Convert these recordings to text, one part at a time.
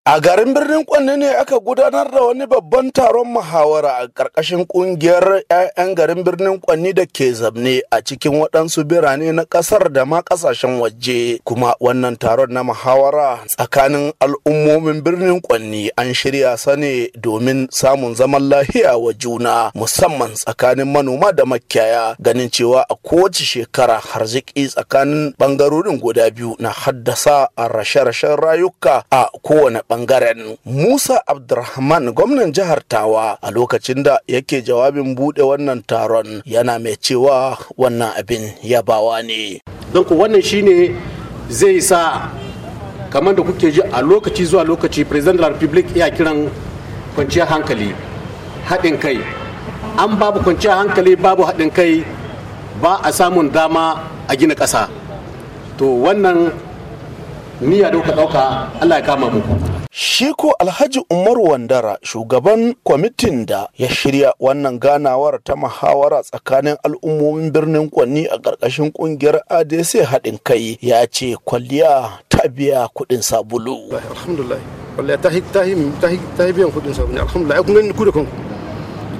A garin birnin Kwanne ne aka gudanar da wani babban taron muhawara a ƙarƙashin ƙungiyar 'ya'yan garin birnin Kwanne da ke zamne a cikin waɗansu birane na ƙasar da ma ƙasashen waje. Kuma wannan taron na muhawara tsakanin al'ummomin birnin Kwanne an shirya sa domin samun zaman lahiya wa juna musamman tsakanin manoma da makiyaya ganin cewa a kowace shekara harziki tsakanin bangarorin guda biyu na haddasa a rashe-rashen rayuka a kowane bangaren musa abdurrahman gwamnan jihar tawa a lokacin da yake jawabin bude wannan taron yana mai cewa wannan abin yabawa ne don ku wannan shine zai sa kamar da kuke ji a lokaci zuwa lokaci president republic ya kiran kwanciyar hankali haɗin kai an babu kwanciyar hankali babu haɗin kai ba a samun dama a gina ƙasa to wannan niyya da kuka ɗauka allah ya kama mu. Shi ko Alhaji Umar Wandara shugaban kwamitin da ya shirya wannan ganawar ta mahawara tsakanin al'ummomin birnin Kwanni a ƙarƙashin ƙungiyar ADC haɗin kai ya ce kwalliya ta biya kuɗin sabulu. kuɗin sabulu. da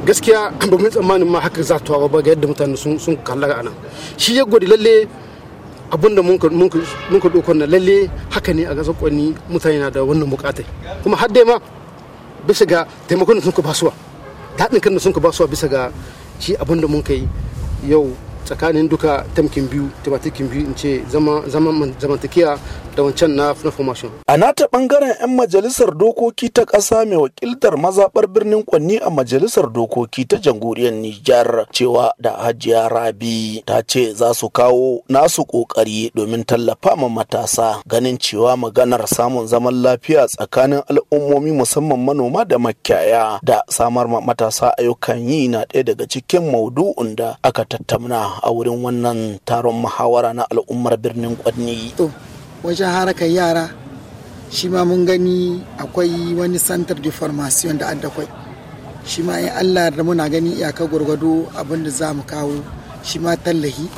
gaskiya ba mun tsammanin ma haka za ta ba ga yadda mutane sun kalla ga anan shi ya gwada lalle abin da mun ka dokon na lalle haka ne a gasar kwanni mutane na da wannan bukatai kuma har dai ma bisa ga taimakon da sun ka basuwa daɗin kan da sun ka basuwa bisa ga shi abun da mun ka yi yau tsakanin duka tamkin biyu tematikin biyu in ce zamantakiya da wancan na formation. a nata bangaren 'yan majalisar dokoki ta ƙasa mai wakiltar mazaɓar birnin kwanni a majalisar dokoki ta jamhuriyar nijar cewa da hajiya rabi ta ce za su kawo nasu ƙoƙari domin tallafa ma matasa ganin cewa maganar samun zaman lafiya tsakanin al'ummomi musamman manoma da makiyaya da samar ma matasa ayyukan yi na ɗaya daga cikin maudu'un da aka tattauna a wurin wannan taron muhawara na al'ummar birnin kwadni to wajen harakar yara shi ma mun gani akwai wani center de formation da addakwai shi ma in allah da muna gani iyaka gwargwado abin da za mu kawo shi ma tallahi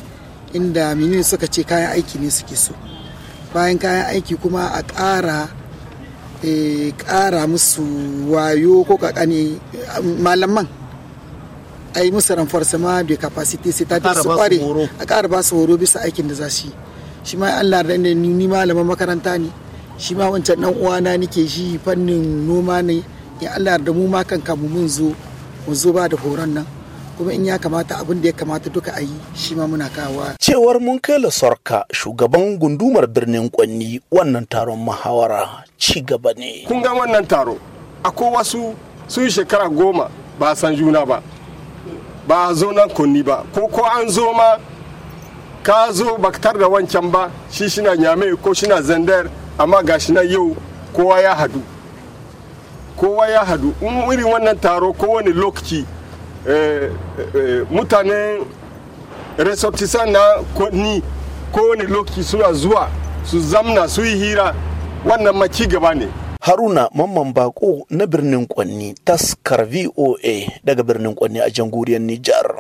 inda mini suka ce kayan aiki ne suke so bayan kayan aiki kuma a ƙara eh, ƙara musu wayo ko kakani eh, malaman a yi musu renforcement ma da capacity à ta su kware a ƙara ba su horo bisa aikin da za su yi shi ma Allah da ne ni malaman makaranta ne shi ma wancan dan uwana nake shi fannin noma ne ya Allah da mu ma kan mu mun zo mu zo ba da horon nan kuma in ya kamata abin da ya kamata duka a yi shi ma muna kawa. Cewar mun kai Sorka shugaban gundumar birnin Kwanni wannan taron muhawara ci gaba ne. Kun ga wannan taro akwai wasu sun shekara goma ba san juna ba ba a zo nan kunni ba ko ko an zo ma ka zo baktar da wancan ba shi shina nyame ko shina zandar amma ga shi na yau kowa ya hadu kowa ya hadu in irin wannan taro kowane lokaci eh, eh, eh, mutanen resortisan na kunni kowane lokaci suna zuwa su zamna su yi hira wannan maki gaba ne Haruna Mamman Bako na birnin Kwanni, taskar VOA daga birnin Kwanni a jamhuriyar Nijar.